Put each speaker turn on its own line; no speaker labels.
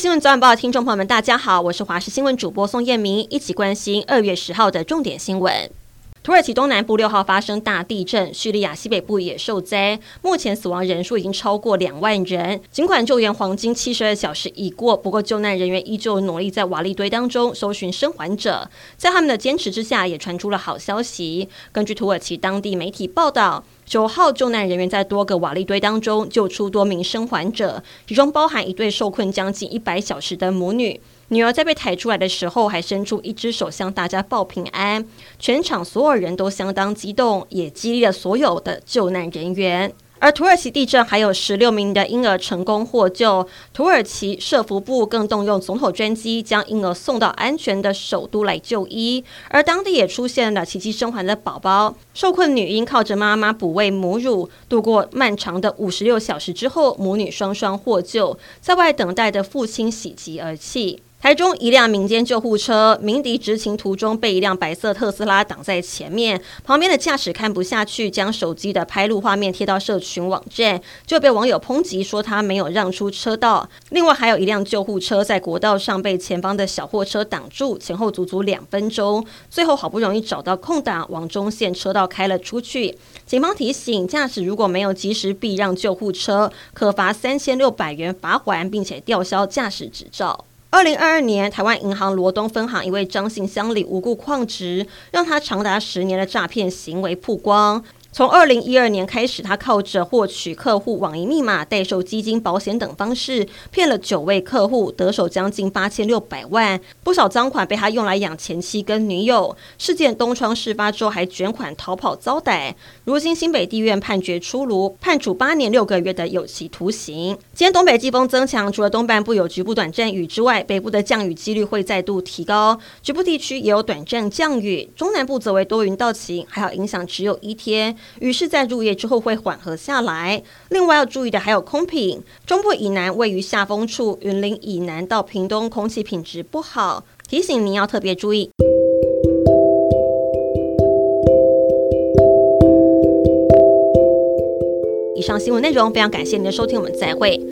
新聞早晚報的聽眾朋友們，大家好，我是華視新聞主播宋燕明，一起關心二月十號的重點新聞。土耳其東南部六號發生大地震，敘利亞西北部也受災，目前死亡人數已經超過兩萬人。儘管救援黃金七十二小時已過，不過救難人員依舊努力在瓦礫堆當中搜尋生還者，在他們的堅持之下，也傳出了好消息。根據土耳其當地媒體報道。九號救難人員在多個瓦礫堆當中救出多名生還者，其中包含一對受困將近一百小時的母女。女兒在被抬出來的時候，還伸出一隻手向大家報平安，全場所有人都相當激動，也激勵了所有的救難人員。而土耳其地震還有十六名的嬰兒成功獲救，土耳其社福部更動用總統專機將嬰兒送到安全的首都來就醫，而當地也出現了奇蹟生還的寶寶。受困女嬰靠着媽媽哺餵母乳度過漫長的五十六小時之後，母女雙雙獲救，在外等待的父親喜極而泣。台中一輛民間救護車鳴笛執勤途中，被一輛白色特斯拉擋在前面。旁邊的駕駛看不下去，將手機的拍錄畫面貼到社群網站，就被網友抨擊說他沒有讓出車道。另外，還有一輛救護車在國道上被前方的小貨車擋住，前後足足兩分鐘，最後好不容易找到空檔，往中線車道開了出去。警方提醒，駕駛如果沒有及時避讓救護車，可罰三千六百元罰款，並且吊銷駕駛執照。二零二二年，台灣銀行羅東分行一位張姓襄理無故曠職，讓他長達十年的詐騙行為曝光。從二零一二年開始，他靠着獲取客戶網銀密碼、代售基金、保險等方式，騙了九位客戶，得手將近八千六百萬。不少贓款被他用來養前妻跟女友。事件東窗事發之後，還捲款逃跑遭逮。如今新北地院判決出爐，判處八年六個月的有期徒刑。今天東北季風增強，除了東半部有局部短暫雨之外，北部的降雨幾率會再度提高，局部地區也有短暫降雨。中南部則為多雲到晴，還好影響只有一天。於是，在入夜之後會緩和下來。另外要注意的還有空品，中部以南位於下風處，雲林以南到屏東空氣品質不好，提醒您要特別注意。以上新聞內容非常感謝您的收聽，我們再會。